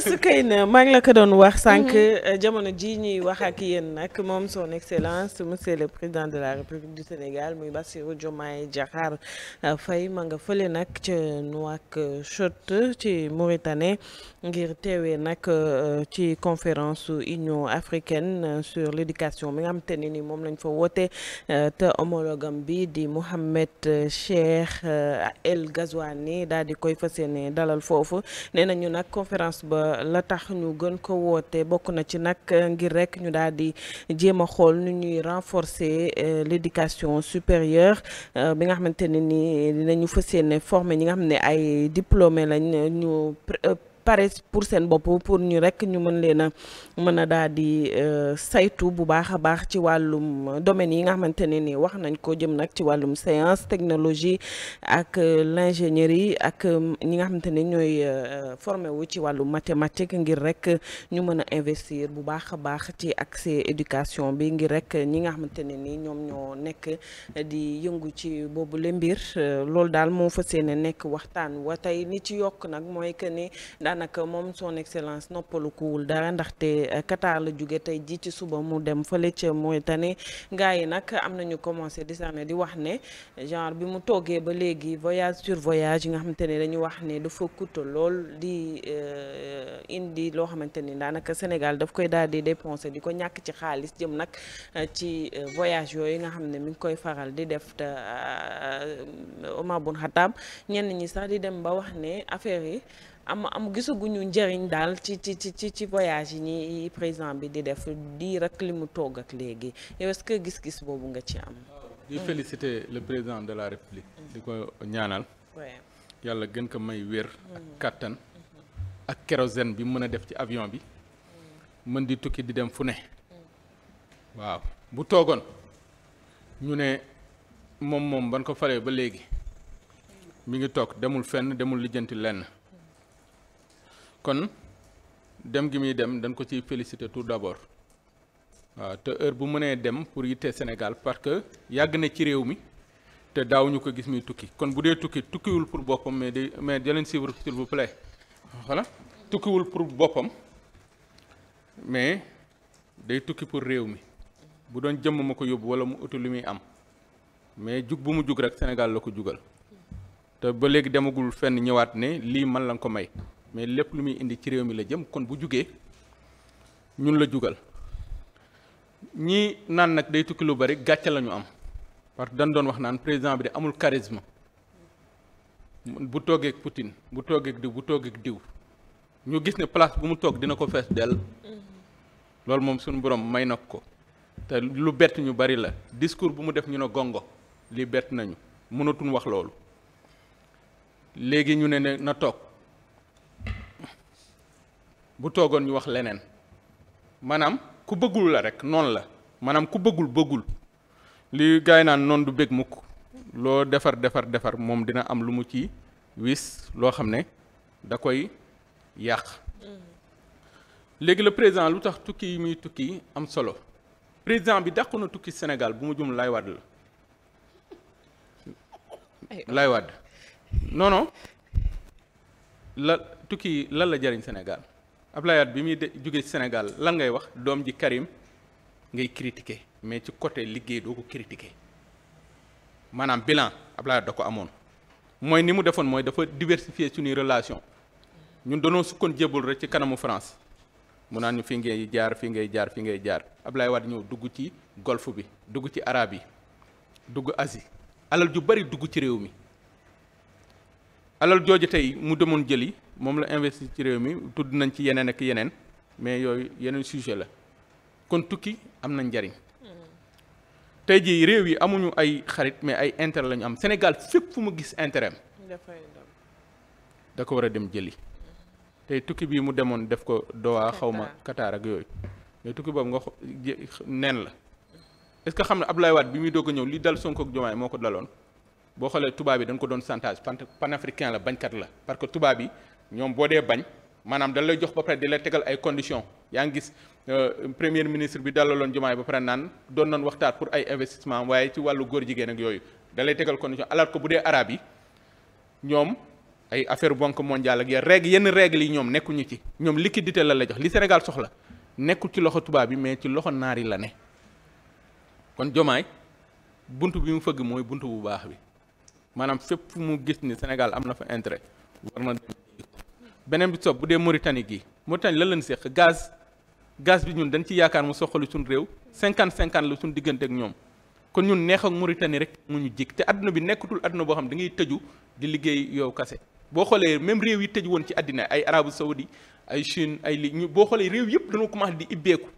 su kay na maa ngi la ko doon wax sànq mhm. euh, jamono ji ñuy wax ak yéen nag moom son excellence monsieur le président de la république du Sénégal muy Bassirou Diomaye Diakhar euh, fay ma nga fële nag ca Nouakchott ci Mauritanie ngir teewee nag euh, ci conférence Union africaine sur l'éducation bi nga xam te ne ni moom lañ fa woote te homologam bi di Mohamed Cheikh El Ghazouani daal di koy fas yéene dalal foofu nee nañu nag conférence la tax ñu gën ko wootee bokk na ci nag ngir rek ñu daal di jéem a xool nu ñuy renforcer euh, l'éducation supérieure euh, bi nga xamante ne ni ñu fas yéene former ñi nga xam ne ay diplômé lañ ñu euh, pare pour seen bopp pour ñu rek ñu mën leen a mën a daal di euh, saytu bu baax a baax ci wàllum domaine yi nga xamante ne nii wax nañ ko jëm nag ci wàllum science technologie ak yi euh, ak euh, ñi nga xamante ne ñooy formé wu ci wàllum mathématique ngir rek ñu mën a investir bu baax a baax ci accès éducation bi ngir rek ñi nga xamante ne ni ñoom ñoo nekk di yëngu ci boobu le mbir loolu daal moo fas yéene nekk waxtaan wa tey ni ci yokk nag mooy que ni daanaka moom son excellence noppalu kuwul dara ndaxte eh, Qatar la jóge tey ji ci suba mu dem fa fële mooy Mauritanie gars yi nag am na ñu commencé di sànni di wax ne genre bi mu toogee ba léegi voyage sur voyage yi nga xamante ne dañu wax ne dafa coûte lool di eh, indi loo xamante ni daanaka Sénégal daf koy daal di dépenser di ko ñàkk ci xaalis jëm nag eh, ci voyage yooyu nga xam ne mi ngi koy faral di def te Omar Bun Khattab ñenn ñi sax di dem ba wax ne affaire yi am am gisaguñu njëriñ daal ci ci ci ci voyage yi ñi président bi di def di rek li mu toog ak léegi yow est-ce que gis-gis boobu nga ci am. di féliciter le président de la République. di ko ñaanal. yàlla gën ko may wér. ak mm. kàttan ak kérosène bi mën a def ci avion bi. Mm. mën di tukki di dem fu ne. Mm. waaw bu toogoon ñu ne moom moom ban ko falee ba léegi mu ngi toog demul fenn demul lijjanti lenn. kon dem gi muy dem dañ ko ciy féliciter tout d'abord waaw te heure bu mënee dem pour yitte Sénégal parce que yàgg na ci réew mi te daawuñu ko gis muy tukki kon bu dee tukki tukkiwul pour boppam mais mais di leen suivre s'il vous plaît voilà tukkiwul pour boppam mais day tukki pour réew mi bu doon jëmm ma ko yóbbu wala mu utu li muy am mais jug bu mu jug rek Sénégal la ko jugal te ba léegi demagul fenn ñëwaat ne lii man lañ ko may mais lépp lu muy indi ci réew mi la jëm kon bu jugee ñun la jugal ñii naan nag day tukki lu bari gàcce la ñu am parce que dañ doon wax naan président bi de amul charisme bu toogeeg Poutine bu toogeeg diw bu toogeeg diw ñu gis ne place bu mu toog dina ko fees dell loolu moom suñu borom may na ko te lu bett ñu bari la discours bu mu def ñu ne gongo lii bett nañu mënatuñ wax loolu léegi ñu ne ne na toog bu toogoon ñu wax leneen maanaam ku bëggul la rek noonu la maanaam ku bëggul bëggul li gars yi naan noonu du bëgg mukk loo defar defar defar moom dina am lu mu ci wis loo xam ne da koy yàq léegi la président lu tax tukki yi muy tukki am solo président bi dàq na tukki Sénégal bu mu jum lay wadd la lay Wàdd noono la tukki lan la jëriñ Sénégal Abdoulaye Wade bi muy jóge Sénégal lan ngay wax doom ji Karim ngay critiquer mais ci côté liggéey doo ko critiquer maanaam bilan Abdoulaye Wade da ko amoon mooy ni mu defoon mooy dafa diversifier suñuy relation ñun danoo sukkoon jébul rek ci kanamu France mu naan ñu fi ngay jaar fi ngay jaar fi ngay jaar Abdoulaye Wade ñëw dugg ci golfe bi dugg ci araab yi dugg Asie alal ju bari dugg ci réew mi alal jooju tey mu demoon jëli moom la investir ci réew mi tudd nañ ci yeneen ak yeneen mais yooyu yeneen sujet la kon tukki am na njariñ mm-hmm. tey jii réew yi amuñu ay xarit mais ay intérêt la am Sénégal fépp fu ma gis intérêt am da ko war a dem jëli mm-hmm. tey tukki bii mu demoon def ko Doha xawma Qatar ak yooyu mais tukki boobu nga xo neen la est-ce que xam ne Abdoulaye Wade bi muy doog ñëw li dal Sonko ak Diomaye moo ko daloon boo xoolee tubaab yi dañ ko doon chantage panafricain la bañkat la parce que tubaab yi ñoom boo dee bañ maanaam dañ lay jox ba pare di la tegal ay condition yaa ngi gis euh, premier ministre bi dalaloon Diomaye ba pare naan doon nañ waxtaan pour ay investissement waaye ci wàllu góor jigéen ak yooyu dalay tegal condition alors que bu dee arabe yi ñoom ay affaire bonk mondiale ak ya règle yenn regle yi ñoom nekkuñu ci ñoom dite la la jox li Sénégal soxla nekkul loxo tubaab yi mais ci loxo naar la ne kon Diomaye buntu bi mu fëgg mooy buntu bu baax bi maanaam fépp mu gis ni Sénégal am na fa intérêt war na beneen bi sopp bu dee Mauritanie gi Mauritanie la lañ seq gaz gaz bi ñun dañ ci yaakaar mu soxalu suñ réew cinquante cinquante la suñ diggante ak ñoom kon ñun neex ak Mauritanie rek mu ñu jig te àdduna bi nekkatul adduna boo xam da ngay tëju di liggéey yow kase boo xoolee même réew yi tëj woon ci àddina ay arabu saoudi ay Chine ay li ñu boo xoolee réew yëpp dañoo commencé di ibbeeku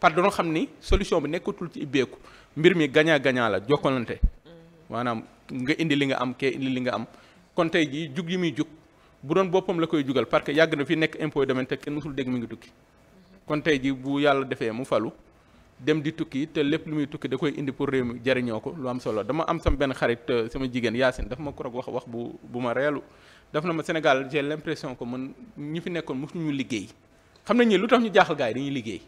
par que xam ni solution bi nekkatul ci ibbeeku mbir mi gagnant gagnant la nga indi li nga am kee indi li nga am kon tey jii jug yi muy jug bu doon boppam la koy jugal parce que yàgg na fi nekk impôt domaine te kenn musul dégg mi ngi tukki kon tey jii bu yàlla defee mu falu dem di tukki te lépp lu muy tukki da koy indi pour réew mi jariñoo ko lu am solo dama am sama benn xarit euh, sama jigéen Yacine dafa ma korog wax wax bu bu ma reelu daf na ma Sénégal j'ai l'impression ko man ñi fi nekkoon mosuñu liggéey xam nañ ni lu tax ñu jaaxal gars yi liggéey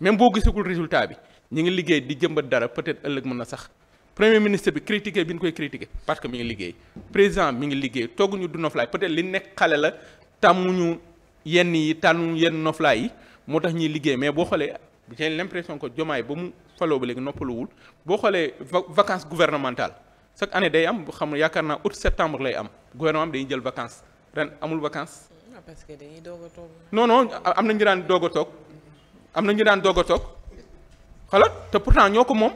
même boo gisagul résultat bi ñu ngi liggéey di jëmbat dara peut-être ëllëg mën na sax premier ministre bi critiqué bi ñu koy critiqué parce que mu ngi liggéey président mi ngi liggéey togguñu du noflaay peut-être li nekk xale la tàmmuñu yenn yi tànnuñu yenn noflaay yi moo tax ñuy liggéey mais boo xoolee j'ai l'impression que jomaay ba mu faloo ba léegi noppaluwul boo xoolee vacances gouvernementales chaque année day am xam nga yaakaar naa août septembre lay am gouvernement bi dañuy jël vacances ren amul vacances. parce que dañuy doog toog. non am na ñu daan doog a toog am na ñu doog a toog xalaat te pourtant ñoo ko moom.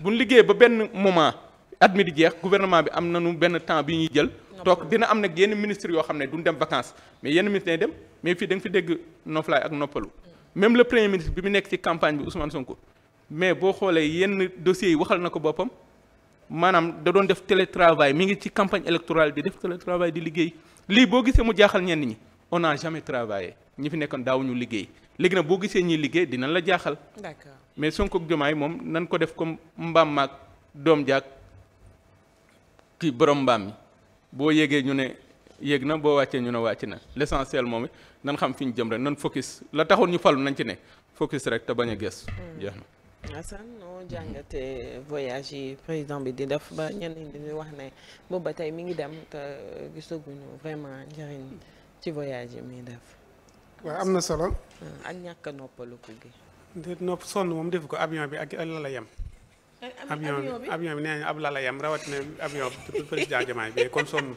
bu ñu liggéeyee ba benn moment at jeex guvernement bi am na nañu benn temps bi ñuy jël. toog dina am nag yenn ministre yoo xam ne duñ dem vacances mais yenn ministre yi dem mais fii danga fi dégg noflaay ak noppalu. même le premier ministre bi mu nekk ci campagne bi Ousmane Sonko mais boo xoolee yenn dossiers yi waxal na ko boppam maanaam da doon def télétravail mi ngi ci campagne électorale di def télétravail di liggéey lii boo gisee mu jaaxal ñenn ñi on n'a jamais travaillé ñi fi nekkoon daawuñu liggéey. léegi nag boo gisee ñuy liggéey dina la jaaxal. d'accord mais Sonko ak Diomaye moom nan ko def comme mbaam mag doom jaag kii borom mbaam mi boo yéegee ñu ne yéeg na boo wàccee ñu ne wàcc na l'essentiel moom it nan xam fi ñu jëm rek nan focus la taxoon ñu falu nañ ci ne focus rek te bañ a gës. Hmm. jeex na. Assane noo jàngate voyage yi président bi di def ba ñenn ñi dañuy wax ne boobu ba tey mi ngi dem te gisaguñu vraiment njëriñ ci voyage yi muy def. waaw am na solo. Ah, ak ñàkk a noppaliku gi. déet nopp sonn moom defu ko avion bi ak lala yem. Eh, avion bi avion bi nee nañu ab lala yem rawatina avion président Diomaye bi kon sonn.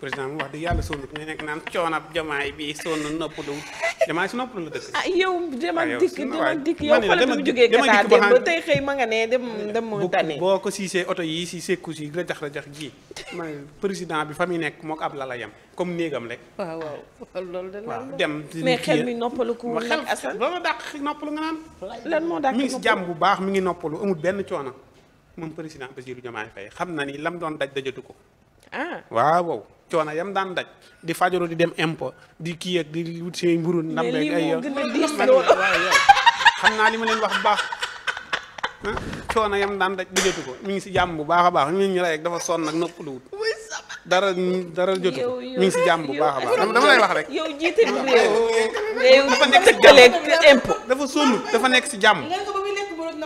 président mu dëgg yàlla sonn ñu nekk naan coonab jamaay bi sonn noppalu jamaay si noppalu la dëkk. ah yow demal ah, yow xoolal bi mu jógee Qatar dem ba ma nga ne dem eh, dem mu tane. boo ko siisee oto yi si sekku si rajax rajax ji ma président bi fa muy nekk moo ko ab la la comme néegam rek. loolu de dem. mais xel mi noppalu ku nag asal loolu dàq noppalu nga naan. lan moo dàq noppalu ngi si jàmm bu baax mi ngi noppalu amul benn coono moom président Bassirou Diomaye Faye xam na ni lam doon daj dajatu ko. ah coono yam daan daj di fajaru di dem impôt di kii ak di wut seen mburu ndam ay yow xam naa li ma leen wax bu baax ah, coono yam daan daj dijatu ko mi ngi si jàmm bu baax a baax ñun ñu rek dafa sonn nag nopp lu dara dara jotu ko mi ngi si jàmm bu baax a baax dama lay wax rek. yow dafa nekk si jàmm dafa sonn dafa nekk si jàmm.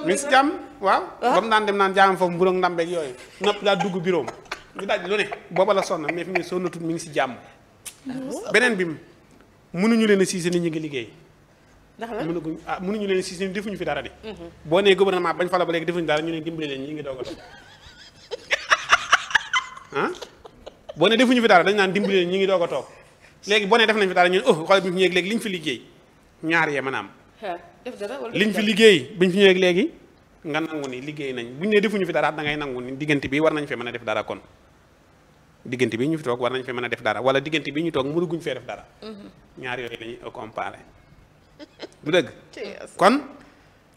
mi ngi si jàmm waaw. Ah. ba daan dem naan jaam foofu mburoog ndam yooyu nopp daa dugg biroom ñu daaj lu ne booba la sonn mais fi mu ne sonnatul mi ngi si jàmm. beneen bi mënuñu leen a siise ni ñu ngi liggéey. ndax la mënuñu ah mënuñu leen a siise ni defuñu fi dara de. Mhm. boo nee gouvernement bañ fa ba léegi defuñu dara ñu ne dimbali leen ñi ngi a doog ah boo nee defuñu fi dara dañ naan dimbali leen ñi ngi doog a toog léegi boo nee def nañ fi dara ñu ne oh xool bi ñu fi ñëwee léegi liñ fi liggéey ñaar yee maanaam. def dara wala fi liggéey biñ fi ñëwee léegi nga nangu ni liggéey nañ ñu ne defuñu fi dara da ngay nangu ni diggante bi war nañ fi mën a def dara ko diggante bi ñu fi toog war nañ fi mën a def dara wala diggante bi ñu toog mënuguñ fee def dara. Mm-hmm. ñaar yooyu la ñuy comparé. du dëgg kon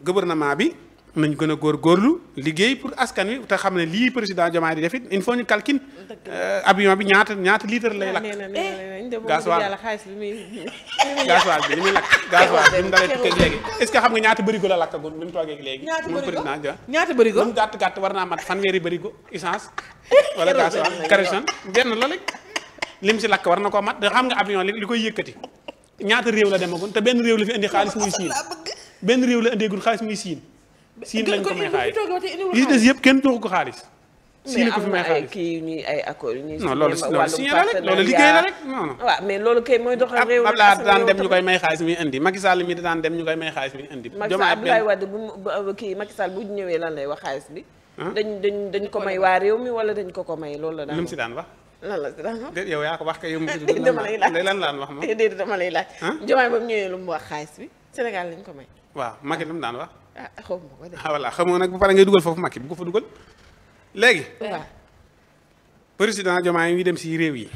gouvernement bi nañ gën a góorgóorlu liggéey pour askan wi te xam ne lii président Diomaye di def it il faut ñu euh, ñaata ñaata litre lay lakk. Ah, gasoil gasoil bi li muy lakk bi mu dalee xam nga ñaata bërigo la lakkagul bi mu toogee léegi. moom président Diomaye ñaata bërigo mu gàtt gàtt war naa mat fanweeri bërigo essence. wala gasoil kerosène benn la rek lim lakk war na koo mat da xam nga avion li koy yëkkati ñaata réew la demagoon te benn réew la fi indi xaalis muy siin benn réew la indeegul xaalis muy siin siin lañ ko may xaalis yi des yëpp kenn joxu ko xaalis. si ko may xaalis mais ñuy ay accords yu ñuy. non loolu la rek loolu liggéey la rek non non. waaw mais loolu kay mooy doxal réew mi. Abdoulaye daan dem ñu koy may xaalis mi indi Macky Sall mi daan dem ñu koy may xaalis mi indi. Macky Sall euh, wax xaalis bi. dañ dañ dañ ko may waa réew mi wala dañ ko ko may loolu la. lu mu si daan wax. lan la si daan moom déedéet dama lay laaj. Diomaye ba mu ñëwee lu mu wax xaalis bi Sénégal lañ ko may. waaw Macky lu mu daan wax ah xaw ma ko de. ah voilà xamoo nag bu pare ngay dugal foofu Macky bu ko fa dugal léegi. waaw président Diomaye yi dem si réew yi.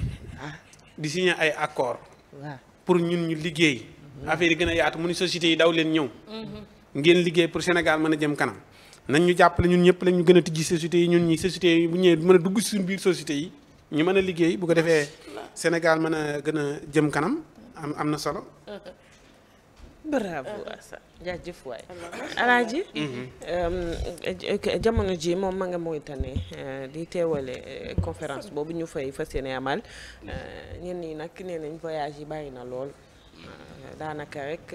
Ah. di signé ay accord waaw pour ñun ñu liggéey. Mm-hmm. affaire yi gën a yaat mu ni société yi daw leen ñëw. Mm-hmm. ngeen liggéey pour Sénégal mën a jëm kanam. nañ ñu jàppale ñun ñëpp lañ ñu gën a tijji société yi ñun ñi société yi bu ñëwee mën a dugg suñ biir société yi ñu mën a liggéey bu ko defee Sénégal mën a gën a jëm kanam am am na solo. Mm-hmm. bravo Assa ah, jaajëf waay alaaji mhm. euh, jamono ji moom ma nga mooy Mauritanie euh, di teewale euh, conférence boobu ñu fay fas yéene amal ñenn ñi nag nee nañ voyage yi bàyyi na lool daanaka rek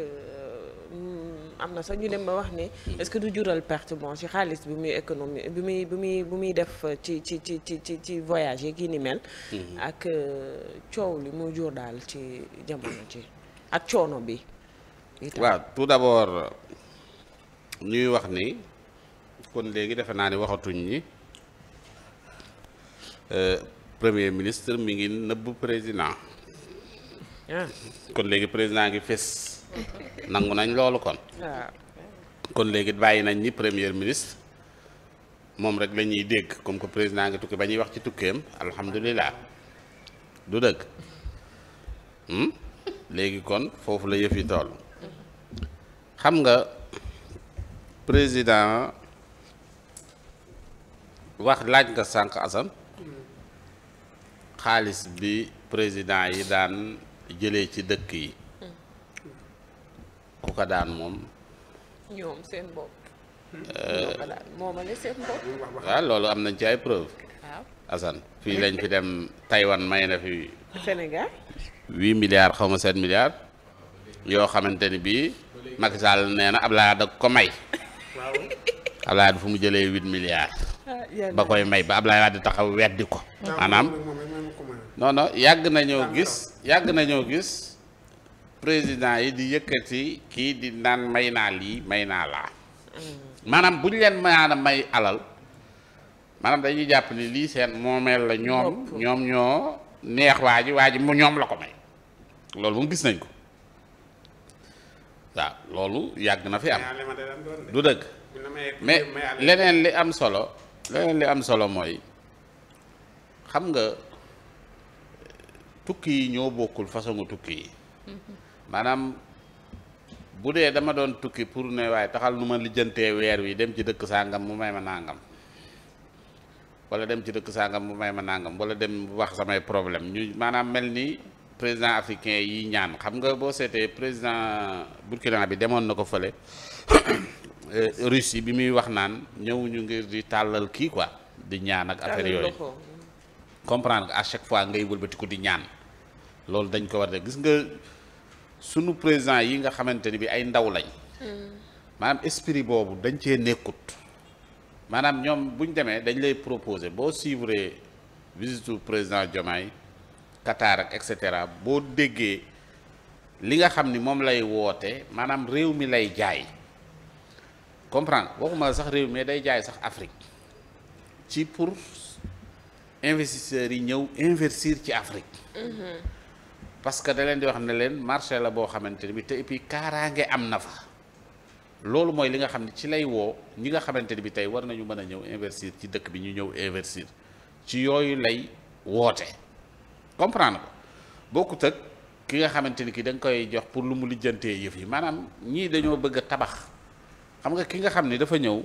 mm, am na sax ñu dem ba wax ne est que du jural perte bon ci xaalis bi muy économie bi muy bi muy bi muy def ci ci ci ci ci ci voyage yi kii ni mel mhm. ak coow li mu jur daal ci jamono ji ak coono bi waaw tout d'abord ñuy wax ni kon léegi defe naa ni waxatuñ ni euh, premier ministre mi ngi nëbb président ah. kon léegi président ngi fés nangu nañ loolu kon ah. kon léegi bàyyi nañ ni premier ministre moom rek la ñuy dégg comme que président ngi tukki ba ñuy wax ci tukkeem alhamdulilah du dëgg hmm? léegi kon foofu la yëf yi toll xam nga président wax laaj nga sànq Assane xaalis bi président yi daan jëlee ci dëkk yi ku ko daan moom ñoom seen bopp euh, loolu am nañ ci ay preuve Assane fii lañ fi dem Taïwan may na fi Sénégal milliards xaw ma sept milliards yoo xamante ni bii Macky Sall nee na Abdoulaye da ko may Abdoulaye fu mu jëlee huit milliards ah, ba koy may ba Abdoulaye Wade taxaw weddi ko ah, maanaam non yàgg nañoo gis yàgg nañoo gis président yi di yëkkati kii di naan may naa lii may naa laa mm. maanaam bu ñu leen maana may alal maanaam dañuy jàpp ni lii seen moomeel la ñoom ñoom ñoo neex waa ji waa ji mu ñoom la ko may loolu moom gis nañ ko waaw loolu yàgg na fi am du dëgg mais leneen li am solo leneen li am solo mooy xam nga tukki yi ñoo bokkul façon tukki yi mhm. maanaam bu dee dama doon tukki pour ne waaye taxal nu ma lijjantee weer wi dem ci dëkk sàngam mu may ma nàngam wala dem ci dëkk sàngam mu may ma nàngam wala dem wax samay problème ñu maanaam mel nii président africain yi ñaan xam nga boo seetee président Burkina bi demoon na ko fële yi bi muy wax naan ñëwuñu ngir di tàllal kii quoi di ñaan ak affaire yooyu comprendre que à chaque fois ngay wëlbatiku di ñaan loolu dañ ko war de gis nga sunu président yi nga xamante ni bi ay ndaw lañ hmm. maanaam esprit boobu dañ cee nekkut maanaam ñoom bu demee dañ lay proposer boo suivre visitu président Diomaye Qatar ak et cetera boo déggee li nga xam ni moom lay woote maanaam réew mi lay jaay comprendre waxuma sax réew mi day jaay sax Afrique ci pour investisseurs yi ñëw investir ci Afrique. Mm-hmm. parce que da leen di wax ne leen marché la boo xamante ni bi te et puis kaaraange am na fa. loolu mooy li nga xam ne ci lay woo ñi nga xamante ni bi tey war nañu mën a ñëw investir ci dëkk bi ñu ñëw investir ci yooyu lay woote. comprendre ko bokkut ak ki nga xamante ni ki da koy jox pour lu mu lijjantee yëf yi maanaam ñii dañoo bëgg tabax xam nga ki nga xam ni dafa ñëw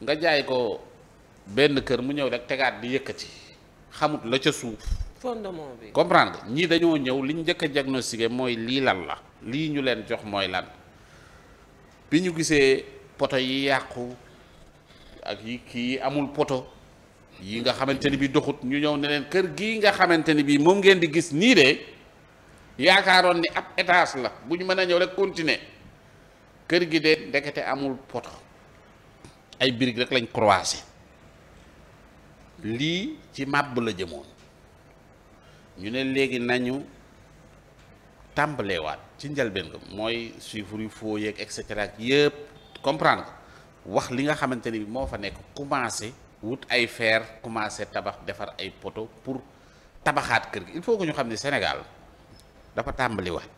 nga jaay ko benn kër mu ñëw rek tegaat bi yëkkati xamut la ca suuf. fondement bi ñii dañoo ñëw li njëkk a diagnostiqué mooy lii lan la lii ñu leen jox mooy lan bi ñu gisee poto yi yàqu ak yi kii amul poto. yi nga xamante ni bi doxut ñu ñëw ne leen kër gii nga xamante ni bi moom ngeen di gis nii de yaakaaroon ni ab étage la bu ñu mën a ñëw rek continuer kër gi de ndekete amul pot ay birig rek lañ croisé lii ci màbb la jëmoon ñu ne léegi nañu tàmbalewaat ci njalbeen ko mooy suivre yu foo yeeg et cetera yëpp comprendre ko wax li nga xamante ni bi moo fa nekk commencé wut ay feer commencé tabax defar ay poto pour tabaxaat kër gi il faut que ñu xam ne Sénégal dafa tàmbaliwaat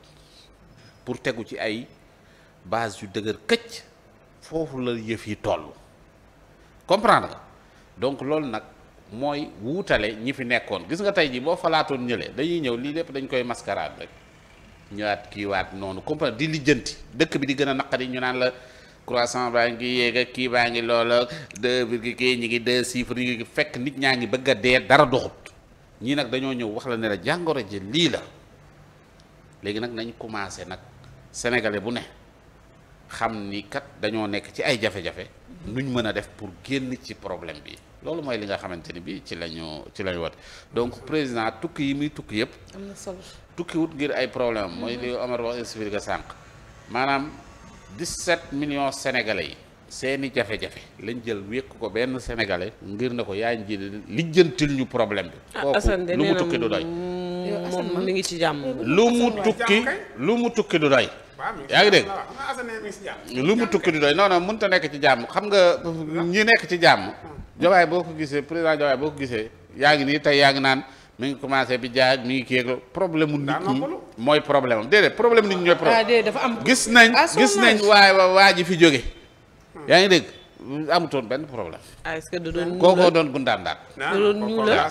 pour tegu ci ay base yu dëgër këcc foofu la yëf yi toll comprendre donc loolu nag mooy wuutale ñi fi nekkoon gis nga tey ji boo falaatoon ñële dañuy ñëw lii lépp dañ koy mascarade rek ñëwaat kiiwaat noonu comprendre di lijjanti dëkk bi di gën a naqari ñu naan la croissant baa ngi yéeg ak kii baa ngi loola deux virgule kii ñi ngi deux chiffres ñi ngi fekk nit ñaa ngi bëgg a dee dara doxut ñii nag dañoo ñëw wax la ne la jàngoro ji lii la léegi nag nañ commencé nag sénégalais bu ne xam ni kat dañoo nekk ci ay jafe-jafe nuñ mën a def pour génn ci problème bi loolu mooy li nga xamante ni bii ci lañu ci lañu wat donc président tukki yi muy tukki yëpp. am na solo ngir ay problème mooy li Omar wax expliqué sànq maanaam. 17 millions sénégalais yi seeni jafe-jafe lañ jël wékk ko benn sénégalais ngir na ko yaa ngi ji lijjantil ñu problème bi. Ah, kooku lu mu tukki du doy. moom mi ngi ci jàmm. lu mu tukki lu mu tukki du doy. yaa ngi dégg lu mu tukki du doy non mun mënut nekk ci jàmm xam nga ñi nekk ci jàmm. Diomaye hmm. boo ko gisee président Diomaye boo ko gisee yaa ngi nii tey yaa ngi naan. mu ngi commencé bi jaay mi ngi kii ak problème mu nit ñi mooy problème am déedéet problème nit ñi ñooy problème ah, dafa am gis nañ ah, gis nañ waa waa ji fi jóge yaa ngi dégg amutoon benn problème. ah est da doon kookoo doon gundaan daal. Ah, da doon ñuul la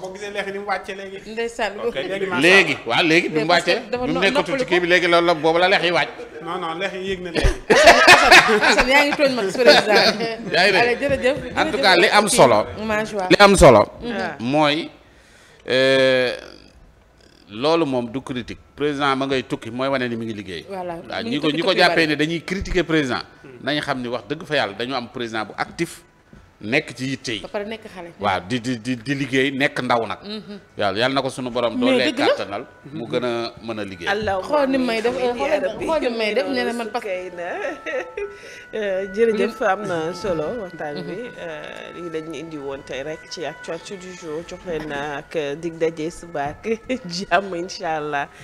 boo gisee léegi ni mu wàccee léegi. ndeysaan léegi waaw léegi bi mu wàccee. dafa nekkatul ci kii bi léegi loolu la boobu la lex yi wàcc. non non lex yi yéeg na li am solo. li am solo. mooy. Euh, loolu moom du critique président ma ngay tukki mooy wane ni mu ngi liggéey. voilà ñi ko ñi ko jàppee ne dañuy critiquer président. Hmm. nañ xam ni wax dëgg fa yàlla dañu am président bu actif. nekk ci yitte yi. ba pare nekk xale. waaw di di di liggéey nekk ndaw nag. Mhm. yàlla yal na ko sunu borom. doolee kàttanal mu gën a mën a liggéey. allah xool ni may def xool ni may def nee na man parce que. Euh, am na solo waxtaan bi mhm. euh, lii la ñu indi woon tey rek ci actualité du jour jox leen ak dig daje suba ak jàmm incha allah